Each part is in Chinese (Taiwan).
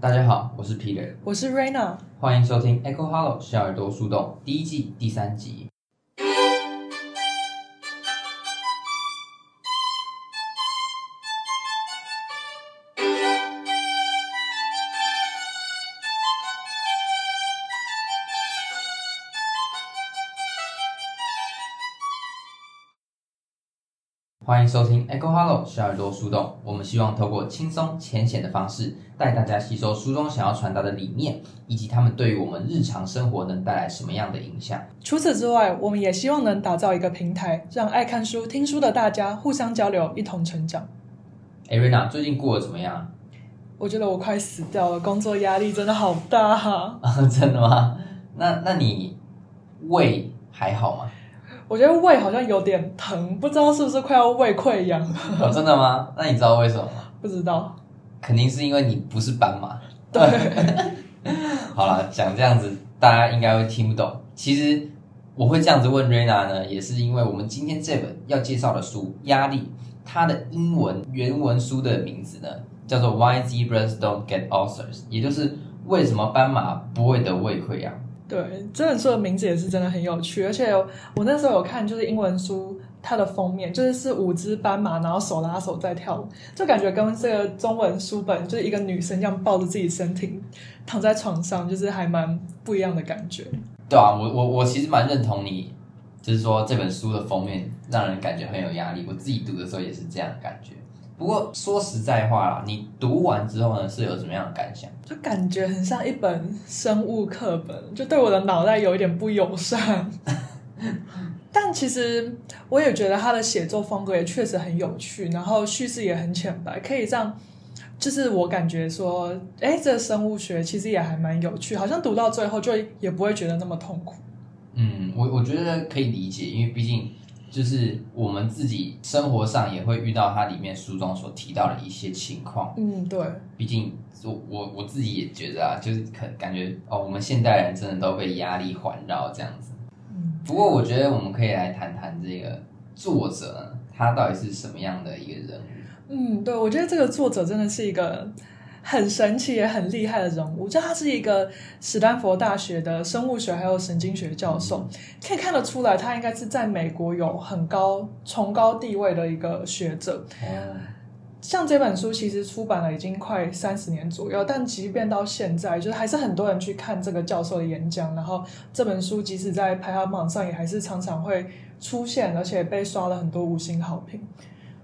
大家好，我是 Peter，我是 Raina，歡迎收聽、e《Echo Hollow 小耳朵樹洞》第一季第三集。歡迎收聽 Echo Hollow 小耳朵樹洞。我們希望透過輕鬆淺顯的方式，帶大家吸收書中想要傳達的理念，以及他們對於我們日常生活能帶來什麼樣的影響。除此之外，我們也希望能打造一個平台，讓愛看書、聽書的大家互相交流，一同成長。欸瑞娜，Rena, 最近過得怎麼樣？我覺得我快死掉了，工作壓力真的好大。啊， 真的嗎？那那你胃還好嗎？我覺得胃好像有點疼，不知道是不是快要胃潰瘍了。哦，真的嗎？那你知道為什麼嗎？不知道，肯定是因為你不是斑馬對。。 對，好啦，講這樣子大家應該會聽不懂。其實我會這樣子問瑞娜呢，也是因為我們今天這本要介紹的書《壓力》，它的英文原文書的名字呢叫做《Why Zebras Don't Get Ulcers》，也就是為什麼斑馬不會得胃潰瘍。對，這本書的名字也是真的很有趣，而且我那時候有看，就是英文書，它的封面就是是五隻斑馬，然後手拉手在跳舞，就感覺跟這個中文書本就是一個女生這樣抱着自己身體躺在床上，就是還蠻不一樣的感覺。對啊，我我我其實蠻認同你，就是說這本書的封面讓人感覺很有壓力，我自己讀的時候也是這樣的感覺。不過說實在話啦，你讀完之後呢，是有什麼樣的感想？就感覺很像一本生物課本，就對我的腦袋有一點不友善。 但其實我也覺得他的寫作風格也確實很有趣，然後敘事也很淺白，可以讓就是我感覺說，誒，這生物學其實也還蠻有趣，好像讀到最後就也不會覺得那麼痛苦。嗯，我我覺得可以理解，因為畢竟。就是我們自己生活上也會遇到他裡面書中所提到的一些情況。嗯，對。畢竟我我自己也覺得啊，就是可感覺哦，我們現代人真的都被壓力環繞這樣子。嗯。不過我覺得我們可以來談談這個作者他到底是什麼樣的一個人。嗯，對，我覺得這個作者真的是一個。很神奇也很厲害的人物，就他是一個史丹佛大學的生物學還有神經學教授，嗯、可以看得出來他應該是在美國有很高崇高地位的一個學者。哎、呀像這本書其實出版了已經快三十年左右，但即便到現在，就是還是很多人去看這個教授的演講，然後這本書即使在排行榜上也還是常常會出現，而且被刷了很多五星好評。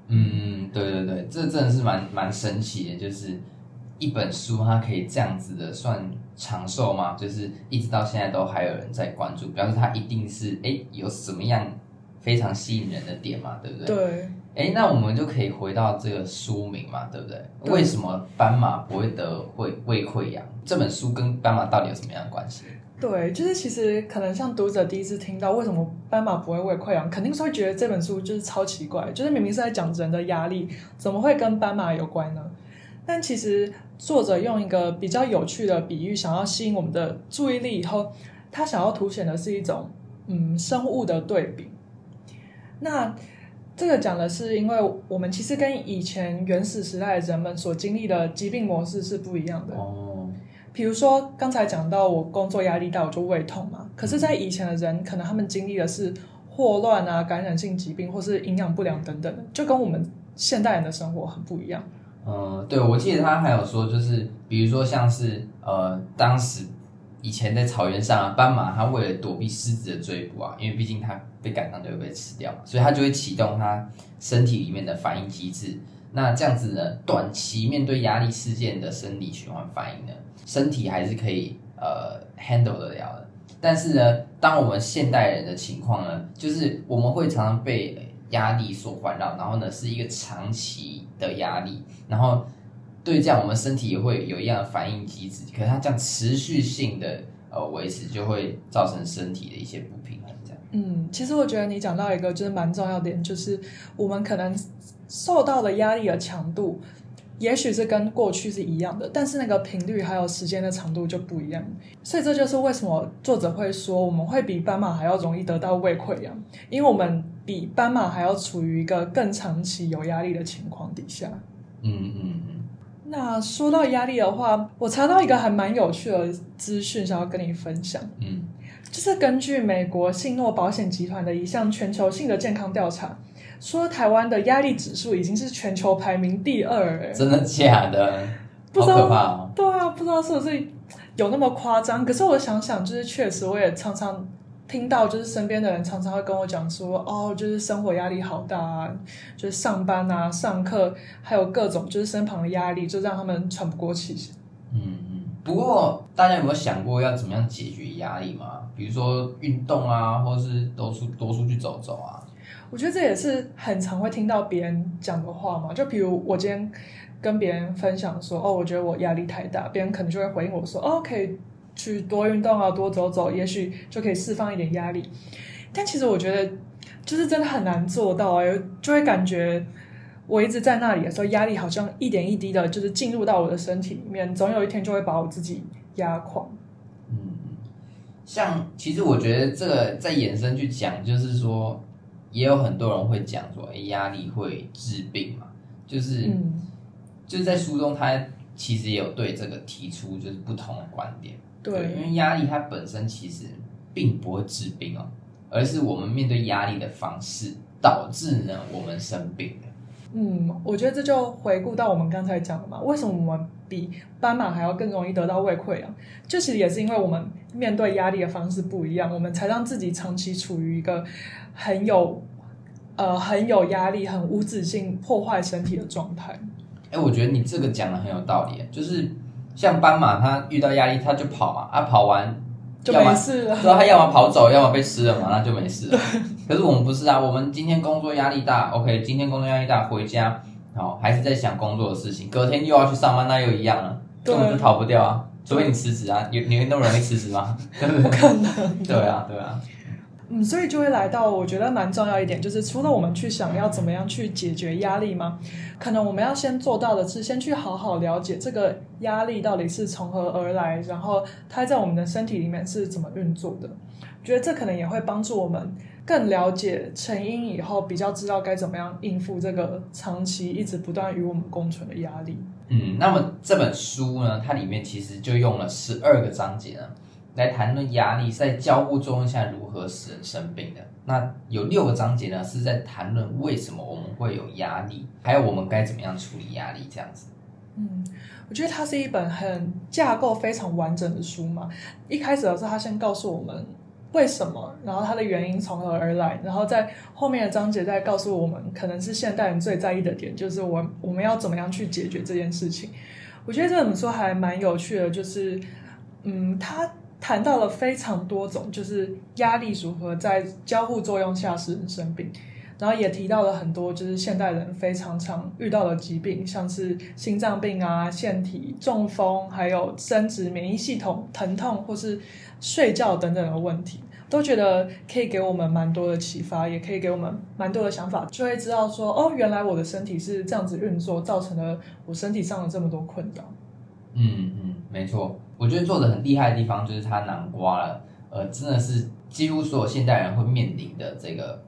嗯，對對對，這真的是蠻蠻神奇的，就是。一本書，它可以這樣子的算長壽嗎？就是一直到現在都還有人在關注，表示它一定是哎、欸、有什麼樣非常吸引人的點嘛，對不對？對。哎、欸，那我們就可以回到這個書名嘛，對不對？對為什麼斑馬不會得胃胃潰瘍？這本書跟斑馬到底有什麼樣的關係？對，就是其實可能像讀者第一次聽到為什麼斑馬不會胃潰瘍，肯定是會覺得這本書就是超奇怪，就是明明是在講人的壓力，怎麼會跟斑馬有關呢？但其實。作者用一個比較有趣的比喻，想要吸引我們的注意力以後，他想要凸顯的是一種，嗯，生物的對比。那這個講的是，因為我們其實跟以前原始時代的人們所經歷的疾病模式是不一樣的。哦，比如說剛才講到我工作壓力大，我就胃痛嘛。可是，在以前的人，可能他們經歷的是霍亂啊、感染性疾病，或是營養不良等等的，就跟我們現代人的生活很不一樣。嗯，對，我記得他還有說，就是比如說像是呃，當時以前在草原上啊，斑馬它，為了躲避獅子的追捕啊，因為畢竟它被趕上就會被吃掉，所以它就會啟動它身體裡面的反應機制。那這樣子呢，短期面對壓力事件的生理循環反應呢，身體還是可以呃 handle 得了的。但是呢，當我們現代人的情況呢，就是我們會常常被壓力所環繞，然後呢是一個長期的壓力，然後對這樣我們身體也會有一樣的反應機制。可是它這樣持續性的呃維持，就會造成身體的一些不平衡。這樣，嗯，其實我覺得你講到一個就是蠻重要點，就是我們可能受到的壓力的強度，也許是跟過去是一樣的，但是那個頻率還有時間的長度就不一樣。所以這就是為什麼作者會說我們會比斑馬還要容易得到胃潰瘍，因為我們。比斑馬還要處於一個更長期有壓力的情況底下。嗯嗯嗯。那說到壓力的話，我查到一個還蠻有趣的資訊，想要跟你分享。嗯，就是根據美國信諾保險集團的一項全球性的健康調查，說台灣的壓力指數已經是全球排名第二欸。真的假的？好可怕哦！不知道，對啊，不知道是不是有那麼誇張。可是我想想，就是確實我也常常聽到就是身邊的人常常會跟我講說，哦，就是生活壓力好大啊，就是上班啊、上課，還有各種就是身旁的壓力，就讓他們喘不過氣。嗯嗯，不過大家有沒有想過要怎麼樣解決壓力嘛？比如說運動啊，或是多出多出去走走啊。我覺得這也是很常會聽到別人講的話嘛。就比如我今天跟別人分享說，哦，我覺得我壓力太大，別人可能就會回應我說，哦，可以。去多運動啊，多走走，也許就可以釋放一點壓力。但其實我覺得，就是真的很難做到啊、欸，就會感覺我一直在那裡的時候，壓力好像一點一滴的，就是進入到我的身體裡面，總有一天就會把我自己壓垮。嗯，像其實我覺得這個再延伸去講，就是說，也有很多人會講說，哎、欸，壓力會致病嘛，就是，嗯、就是在書中他其實也有對這個提出就是不同的觀點。對，因為壓力它本身其實並不會致病哦，而是我們面對壓力的方式導致呢我們生病。嗯，我覺得這就回顧到我們剛才講的嘛，為什麼我們比斑馬還要更容易得到胃潰瘍？就其實也是因為我們面對壓力的方式不一樣，我們才讓自己長期處於一個很有呃很有壓力、很無止境破壞身體的狀態。哎，我覺得你這個講的很有道理欸，就是。像斑馬，它遇到壓力它就跑嘛，啊，跑完就沒事了，知道它要麼跑走，要麼被吃了嘛，那就沒事了。對可是我們不是啊，我們今天工作壓力大，OK，今天工作壓力大，回家，好、哦、還是在想工作的事情，隔天又要去上班，那又一樣了，根本就逃不掉啊，對除非你辭職啊，對你你會那麼容易辭職嗎？ 不可能，對啊，對啊。嗯，所以就會來到我覺得蠻重要一點，就是除了我們去想要怎麼樣去解決壓力嘛，可能我們要先做到的是先去好好了解這個壓力到底是從何而來，然後它在我們的身體裡面是怎麼運作的。我覺得這可能也會幫助我們更了解成因，以後比較知道該怎麼樣應付這個長期一直不斷與我們共存的壓力。嗯，那麼這本書呢，它裡面其實就用了十二個章節呢。來談論壓力在交互作用下如何使人生病的。那有六個章節呢，是在談論為什麼我們會有壓力，還有我們該怎麼樣處理壓力這樣子。嗯，我覺得它是一本很架構非常完整的書嘛。一開始的時候，它先告訴我們為什麼，然後它的原因從何而來，然後在後面的章節再告訴我們，可能是現代人最在意的點，就是我們我們要怎麼樣去解決這件事情。我覺得這本書還蠻有趣的，就是嗯，它。談到了非常多種，就是壓力如何在交互作用下使人生病，然後也提到了很多，就是現代人非常常遇到的疾病，像是心臟病啊、腺體、中風，還有生殖免疫系統疼痛或是睡覺等等的問題，都覺得可以給我們蠻多的啟發，也可以給我們蠻多的想法，就會知道說，哦，原來我的身體是這樣子運作，造成了我身體上的這麼多困擾。嗯嗯，沒錯。我覺得做的很厲害的地方，就是它囊括了，呃，真的是幾乎所有現代人會面臨的這個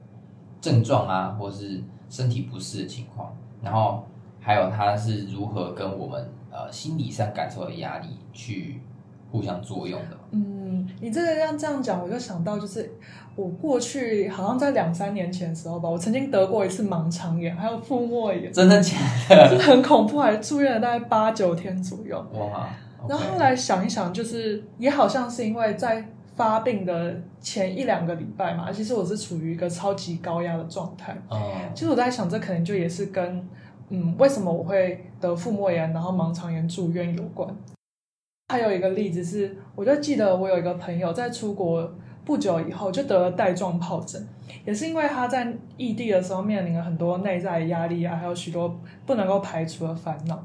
症狀啊，或是身體不適的情況，然後還有它是如何跟我們呃心理上感受的壓力去互相作用的。嗯，你這個要這樣講，我就想到就是。我過去好像在兩三年前的時候吧，我曾經得過一次盲腸炎，還有腹膜炎。真的假的？很恐怖，還住院了大概八九天左右。哇！Oh, ah, okay. 然後後來想一想，就是也好像是因為在發病的前一兩個禮拜嘛，其實我是處於一個超級高壓的狀態。哦。Oh. 其實我在想，這可能就也是跟嗯，為什麼我會得腹膜炎，然後盲腸炎住院有關。還有一個例子是，我就記得我有一個朋友在出國。不久以後就得了帶狀皰疹，也是因為他在異地的時候，面臨了很多內在壓力啊，還有許多不能夠排除的煩惱。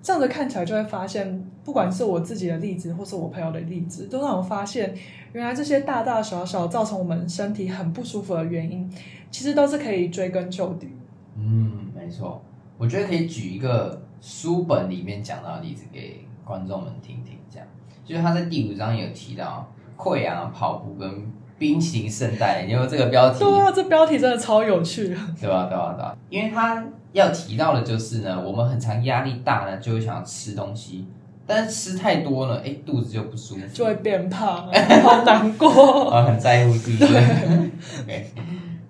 這樣子看起來就會發現，不管是我自己的例子，或是我朋友的例子，都讓我發現，原來這些大大小小造成我們身體很不舒服的原因，其實都是可以追根究底。嗯，沒錯。我覺得可以舉一個書本裡面講到的例子給觀眾們聽聽，這樣。就是他在第五章有提到。潰瘍、跑步跟冰淇淋、聖代，因為這個標題，對啊，這標題真的超有趣啊！對啊，對啊，對啊，因為他要提到的，就是呢，我們很常壓力大呢，就會想要吃東西，但是吃太多了，欸，肚子就不舒服，就會變胖，好難過啊， 哦！很在乎自己。對， okay,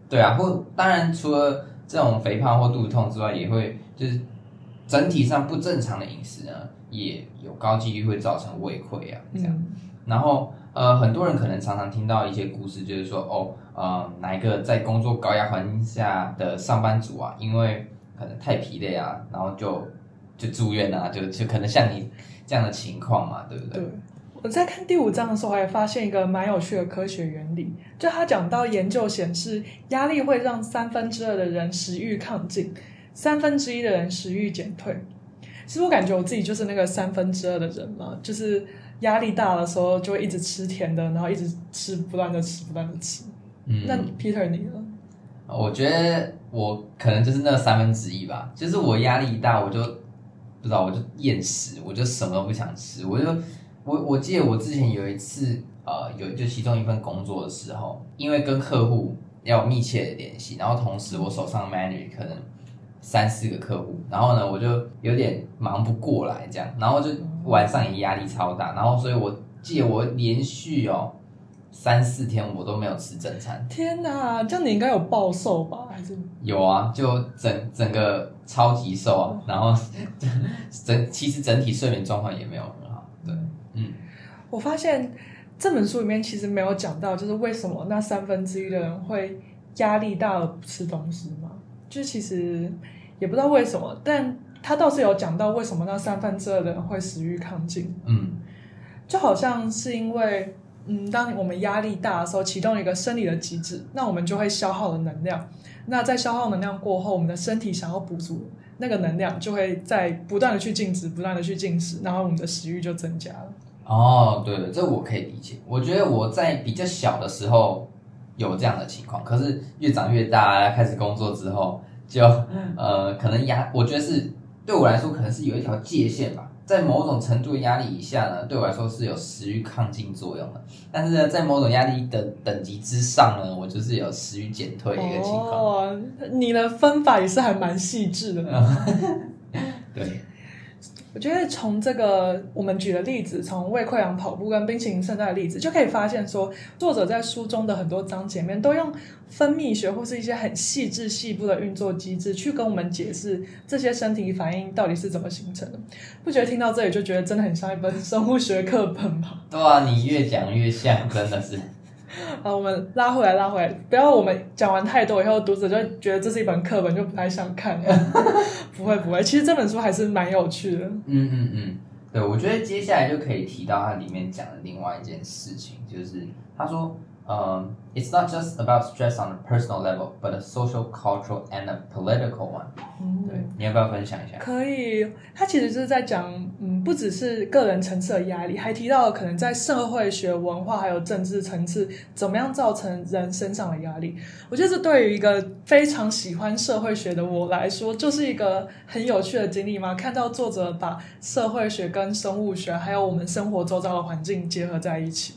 對啊。或當然，除了這種肥胖或肚子痛之外，也會就是整體上不正常的飲食呢，也有高幾率會造成胃潰瘍、嗯、這樣，然後。呃，很多人可能常常聽到一些故事，就是說，哦，呃，哪一個在工作高壓環境下的上班族啊，因為可能太疲累啊，然後就就住院啊，就就可能像你這樣的情況嘛，對不對？對，我在看第五章的時候，我還發現一個蠻有趣的科學原理，就他講到研究顯示，壓力會讓三分之二的人食慾亢進，三分之一的人食慾減退。其實我感覺我自己就是那個三分之二的人嘛，就是。壓力大的時候就會一直吃甜的，然後一直吃，不斷的吃，不斷的吃。吃。嗯、那 Peter 你呢？我覺得我可能就是那三分之一吧。就是我壓力大，我就、嗯、不知道，我就厭食，我就什麼都不想吃。我就我我記得我之前有一次呃有就其中一份工作的時候，因為跟客戶要密切的聯繫，然後同時我手上 manage 可能。三四個客戶，然後呢，我就有點忙不過來，這樣，然後就晚上也壓力超大，然後所以我記得我連續哦、喔嗯、三四天我都沒有吃正餐。天哪、啊，這樣你應該有暴瘦吧？還是有啊，就整整個超級瘦啊，嗯、然後 整其實整體睡眠狀況也沒有很好。對，嗯，我發現這本書裡面其實沒有講到，就是為什麼那三分之一的人會壓力大而不吃東西嗎？就其實也不知道為什麼，但他倒是有講到為什麼那三分之二的人會食慾亢進。嗯，就好像是因為，嗯，當我們壓力大的時候，啟動一個生理的機制，那我們就會消耗了能量。那在消耗能量過後，我們的身體想要補足那個能量，就會在不斷的去進食，不斷的去進食，然後我們的食慾就增加了。哦，對了，這我可以理解。我覺得我在比較小的時候。有這樣的情況，可是越長越大，開始工作之後，就呃，可能壓，我覺得是對我來說，可能是有一條界限吧。在某種程度壓力以下呢，對我來說是有食欲亢進作用的，但是呢，在某種壓力的等，等級之上呢，我就是有食欲減退的一個情況。Oh, 你的分法也是還蠻細緻的。 對。我覺得從這個我們舉的例子，從胃潰瘍、跑步跟冰淇淋生蛋的例子，就可以發現說，作者在書中的很多章節裡面都用分泌學或是一些很細致細部的運作機制去跟我們解釋這些身體反應到底是怎麼形成的。不覺得聽到這裡就覺得真的很像一本生物學課本嗎？對啊，你越講越像，真的是。 好，我們拉回來，拉回來，不要我們講完太多以後，讀者就覺得這是一本課本，就不太想看了。 不會不會，其實這本書還是蠻有趣的。嗯嗯嗯，對，我覺得接下來就可以提到它裡面講的另外一件事情，就是他說。嗯、um，It's not just about stress on a personal level, but a social, cultural, and a political one。嗯、對，你要不要分享一下？可以，他其實就是在講，嗯，不只是個人層次的壓力，還提到了可能在社會學、文化還有政治層次，怎麼樣造成人身上的壓力。我覺得這對於一個非常喜歡社會學的我來說，就是一個很有趣的經歷嘛。看到作者把社會學跟生物學，還有我們生活周遭的環境結合在一起，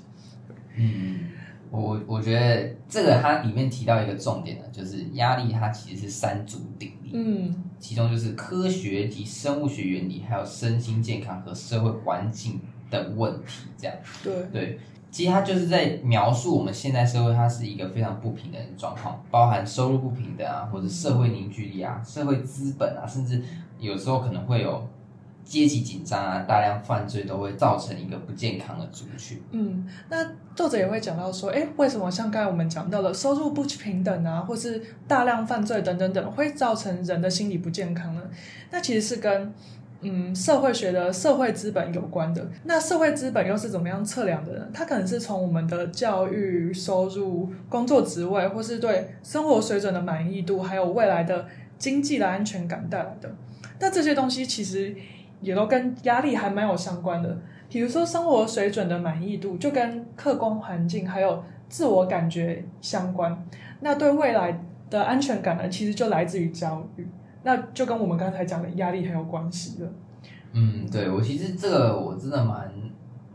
嗯。我我覺得這個它裡面提到一個重點的就是壓力它其實是三足鼎立，嗯，其中就是科學及生物學原理，還有身心健康和社會環境的問題，這樣，對對，其實它就是在描述我們現在社會它是一個非常不平等的狀況，包含收入不平等啊，或者社會凝聚力啊、社會資本啊，甚至有時候可能會有階級緊張啊、大量犯罪都會造成一個不健康的族群，嗯，那。作者也會講到說，哎，為什麼像剛才我們講到的收入不平等啊，或是大量犯罪等等等，會造成人的心理不健康呢？那其實是跟嗯社會學的社會資本有關的。那社會資本又是怎麼樣測量的呢？它可能是從我們的教育、收入、工作職位，或是對生活水準的滿意度，還有未來的經濟的安全感帶來的。那這些東西其實也都跟壓力還蠻有相關的。比如說生活水準的滿意度，就跟客觀環境還有自我感覺相關。那對未來的安全感呢，其實就來自於教育，那就跟我們剛才講的壓力很有關係了。嗯，對，我其實這個我真的蠻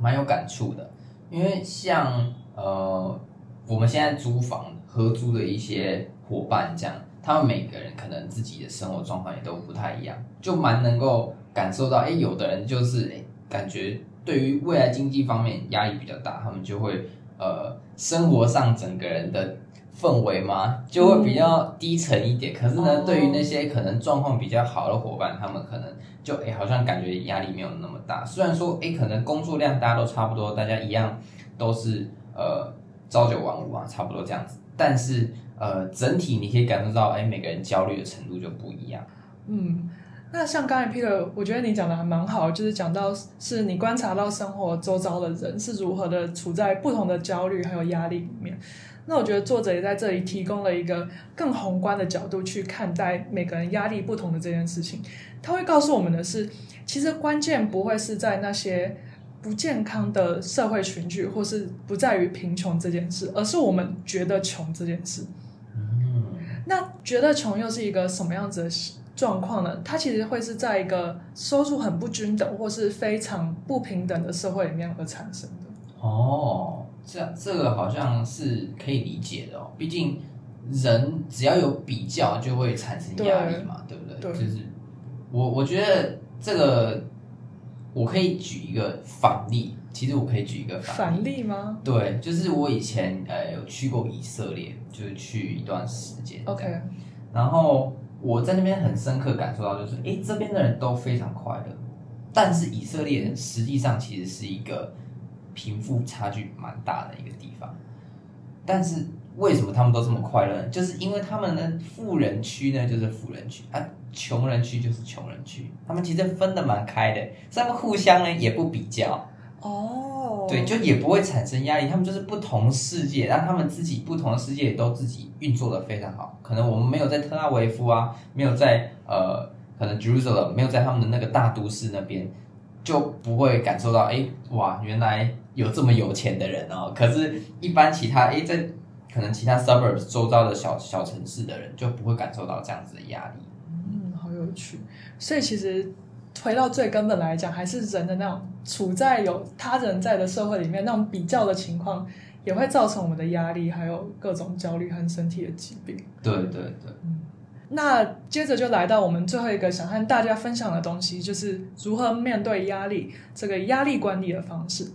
蠻有感觸的，因為像呃我們現在租房合租的一些夥伴這樣，他們每個人可能自己的生活狀況也都不太一樣，就蠻能夠感受到，哎，有的人就是感覺對於未來經濟方面壓力比較大，他們就會呃生活上整個人的氛圍嘛，就會比較低沉一點。嗯、可是呢，哦、對於那些可能狀況比較好的夥伴，他們可能就誒好像感覺壓力沒有那麼大。雖然說誒可能工作量大家都差不多，大家一樣都是呃朝九晚五啊，差不多這樣子。但是呃整體你可以感受到，誒每個人焦慮的程度就不一樣。嗯。那像剛才 Peter，我覺得你講得還蠻好，就是講到是你觀察到生活周遭的人是如何的處在不同的焦慮還有壓力裡面。那我覺得作者也在這裡提供了一個更宏觀的角度去看待每個人壓力不同的這件事情。他會告訴我們的是，是其實關鍵不會是在那些不健康的社會群聚，或是不在於貧窮這件事，而是我們覺得窮這件事。那覺得窮又是一個什麼樣子的事？狀況呢？它其實會是在一個收入很不均等或是非常不平等的社會裡面而產生的。哦，這這個好像是可以理解的哦。畢竟人只要有比較就會產生壓力嘛，對，對不對？對。就是我我覺得這個我可以舉一個反例，其實我可以舉一個反例反例嗎？對，就是我以前呃有去過以色列，就是去一段時間。OK，然後。我在那邊很深刻感受到，就是誒、欸、這邊的人都非常快樂，但是以色列人實際上其實是一個貧富差距蠻大的一個地方。但是為什麼他們都這麼快樂呢？就是因為他們的富人區呢，就是富人區，啊窮人區就是窮人區，他們其實分的蠻開的，雖然他們互相呢也不比較。哦，oh, 對，就也不會產生壓力。他們就是不同世界，然後他們自己不同的世界也都自己運作的非常好。可能我們沒有在特拉維夫啊，沒有在呃，可能 Jerusalem 沒有在他們的那個大都市那邊，就不會感受到哎，哇，原來有這麼有錢的人哦。可是，一般其他哎，在可能其他 suburbs 周遭的小小城市的人，就不會感受到這樣子的壓力。嗯，好有趣。所以其實。回到最根本來講，還是人的那種處在有他人在的社會裡面那種比較的情況，也會造成我們的壓力，還有各種焦慮和身體的疾病。對對對，嗯，那接着就來到我們最後一個想和大家分享的東西，就是如何面對壓力，這個壓力管理的方式。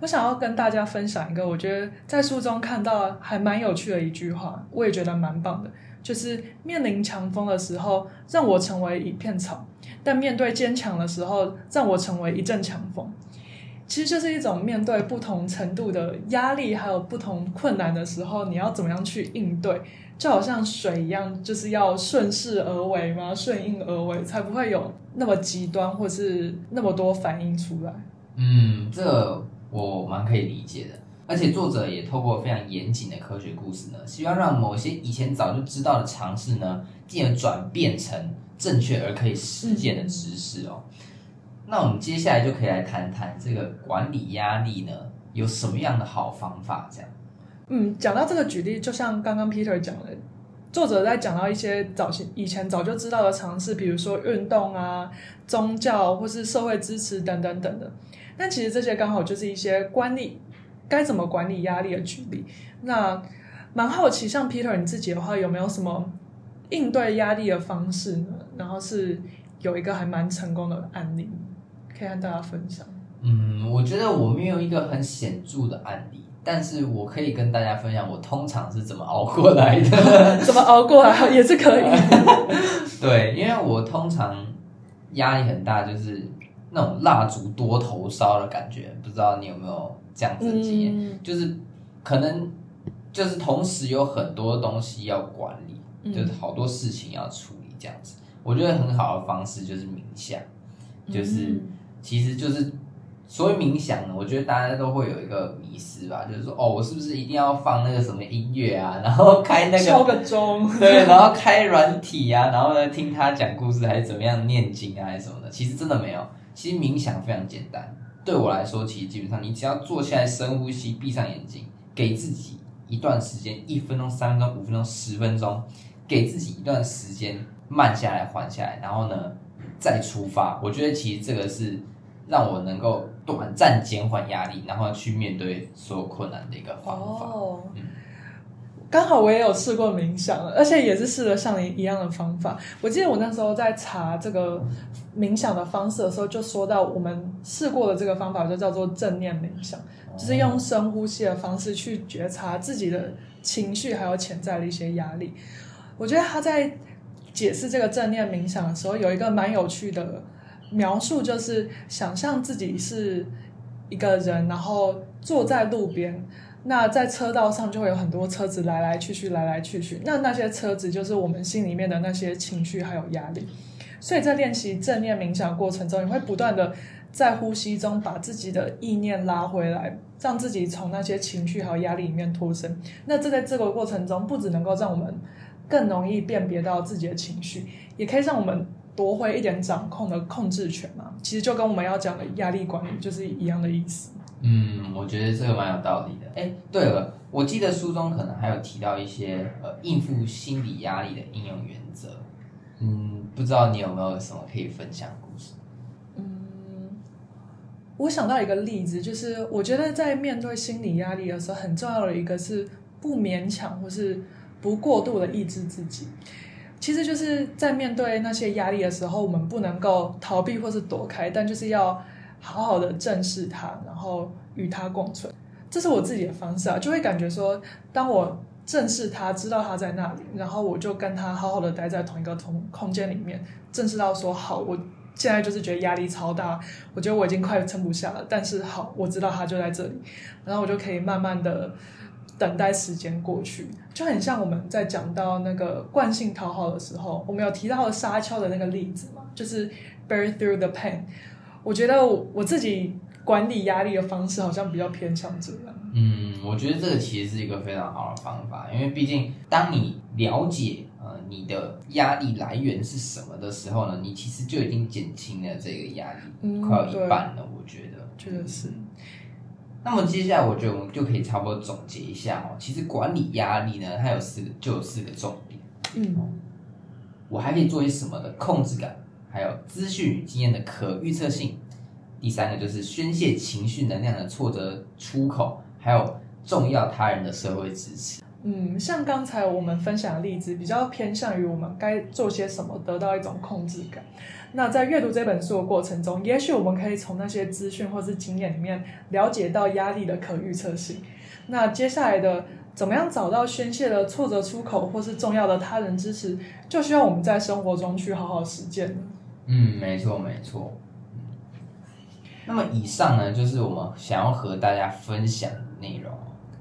我想要跟大家分享一個，我覺得在書中看到還蠻有趣的一句話，我也覺得蠻棒的。就是面臨強風的時候，讓我成為一片草；但面對堅強的時候，讓我成為一陣強風。其實就是一種面對不同程度的壓力，還有不同困難的時候，你要怎麼樣去應對？就好像水一樣，就是要順勢而為嘛，順應而為，才不會有那麼極端，或是那麼多反應出來。嗯，這個、我蠻可以理解的。而且作者也透過非常嚴謹的科學故事呢，希望讓某些以前早就知道的嘗試呢，進而轉變成正確而可以實踐的知識哦。那我們接下來就可以來談談這個管理壓力呢，有什麼樣的好方法？這樣，嗯，講到這個舉例，就像剛剛 Peter 講的，作者在講到一些早以前早就知道的嘗試，比如說運動啊、宗教或是社會支持等等等等的，但其實這些剛好就是一些管理。該怎麼管理壓力的距離？那蠻好奇，像 Peter 你自己的話，有沒有什麼應對壓力的方式呢？然後是有一個還蠻成功的案例，可以跟大家分享。嗯，我覺得我沒有一個很顯著的案例，但是我可以跟大家分享我通常是怎麼熬過來的。 怎麼熬過來也是可以。 對，因為我通常壓力很大，就是那種蠟燭多頭燒的感覺，不知道你有沒有？這樣子的經驗、嗯、就是可能就是同時有很多東西要管理，嗯、就是好多事情要處理這樣子。嗯、我覺得很好的方式就是冥想，嗯、就是其實就是所謂冥想呢，我覺得大家都會有一個迷思吧，就是說哦，我是不是一定要放那個什麼音樂啊，然後開那個敲個鐘，對，然後開軟體啊， 然後呢聽他講故事還是怎麼樣念經啊還是什麼的？其實真的沒有，其實冥想非常簡單。對我來說，其實基本上你只要坐下來深呼吸，閉上眼睛，給自己一段時間，一分鐘、三分鐘、五分鐘、十分鐘，給自己一段時間慢下來、緩下來，然後呢再出發。我覺得其實這個是讓我能夠短暫減緩壓力，然後去面對所有困難的一個方法。Oh. 嗯。剛好我也有試過冥想，而且也是試了像你一樣的方法。我記得我那時候在查這個冥想的方式的時候，就說到我們試過的這個方法就叫做正念冥想，就是用深呼吸的方式去覺察自己的情緒還有潛在的一些壓力。我覺得他在解釋這個正念冥想的時候，有一個蠻有趣的描述，就是想象自己是一個人，然後坐在路邊。那在車道上就會有很多車子來來去去，來來去去。那那些車子就是我們心裡面的那些情緒還有壓力。所以在練習正念冥想過程中，你會不斷的在呼吸中把自己的意念拉回來，讓自己從那些情緒還有壓力裡面脫身。那這在這個過程中，不只能夠讓我們更容易辨別到自己的情緒，也可以讓我們奪回一點掌控的控制權嘛。其實就跟我們要講的壓力管理就是一樣的意思。嗯，我覺得這個蠻有道理的。哎，對了，我記得書中可能還有提到一些呃，應付心理壓力的應用原則。嗯，不知道你有沒有什麼可以分享的故事？嗯，我想到一個例子，就是我覺得在面對心理壓力的時候，很重要的一個，是不勉強或是不過度的抑制自己。其實就是在面對那些壓力的時候，我們不能夠逃避或是躲開，但就是要。好好的正視他，然後與他共存，這是我自己的方式啊，就會感覺說，當我正視他，知道他在那裡，然後我就跟他好好的待在同一個空空間裡面，正視到說，好，我現在就是覺得壓力超大，我覺得我已經快撐不下了，但是好，我知道他就在這裡，然後我就可以慢慢的等待時間過去，就很像我們在講到那個慣性討好的時候，我們有提到的沙丘的那個例子嘛，就是 bear through the pain。我覺得我自己管理壓力的方式好像比較偏向這樣。嗯，我覺得這個其實是一個非常好的方法，因為畢竟當你了解呃你的壓力來源是什麼的時候呢，你其實就已經減輕了這個壓力，嗯、快要一半了。對我覺得，確實對。那麼接下來，我覺得我們就可以差不多總結一下哦。其實管理壓力呢，它有四個，就有四個重點。嗯。我還可以做一些什麼的控制感。還有資訊與經驗的可預測性，第三個就是宣洩情緒能量的挫折出口，還有重要他人的社會支持。嗯，像剛才我們分享的例子，比較偏向於我們該做些什麼，得到一種控制感。那在閱讀這本書的過程中，也許我們可以從那些資訊或是經驗裡面了解到壓力的可預測性。那接下來的怎麼樣找到宣洩的挫折出口或是重要的他人支持，就需要我們在生活中去好好實踐了。嗯，沒錯沒錯。那麼以上呢，就是我們想要和大家分享的內容。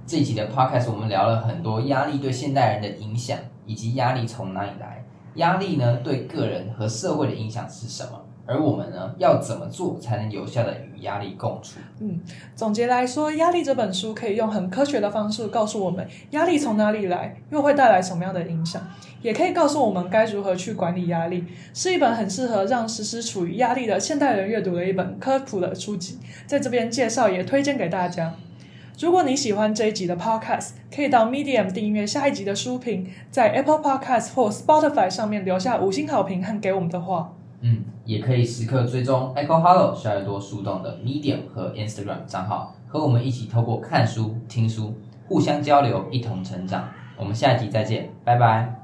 這一期的 podcast 我們聊了很多壓力對現代人的影響，以及壓力從哪裡來，壓力呢，對個人和社會的影響是什麼？而我們呢，要怎麼做才能有效的與壓力共處？嗯，總結來說，《壓力》這本書可以用很科學的方式告訴我們壓力從哪裡來，又會帶來什麼樣的影響，也可以告訴我們該如何去管理壓力，是一本很適合讓時時處於壓力的現代人閱讀的一本科普的書籍。在這邊介紹也推薦給大家。如果你喜歡這一集的 Podcast，可以到 Medium 訂閱下一集的書評，在 Apple Podcast 或 Spotify 上面留下五星好評和給我們的話。嗯，也可以時刻追蹤 Echo Hollow 小耳朵樹洞的 Medium 和 Instagram 賬號，和我們一起透過看書、聽書，互相交流，一同成長。我們下一集再見，拜拜。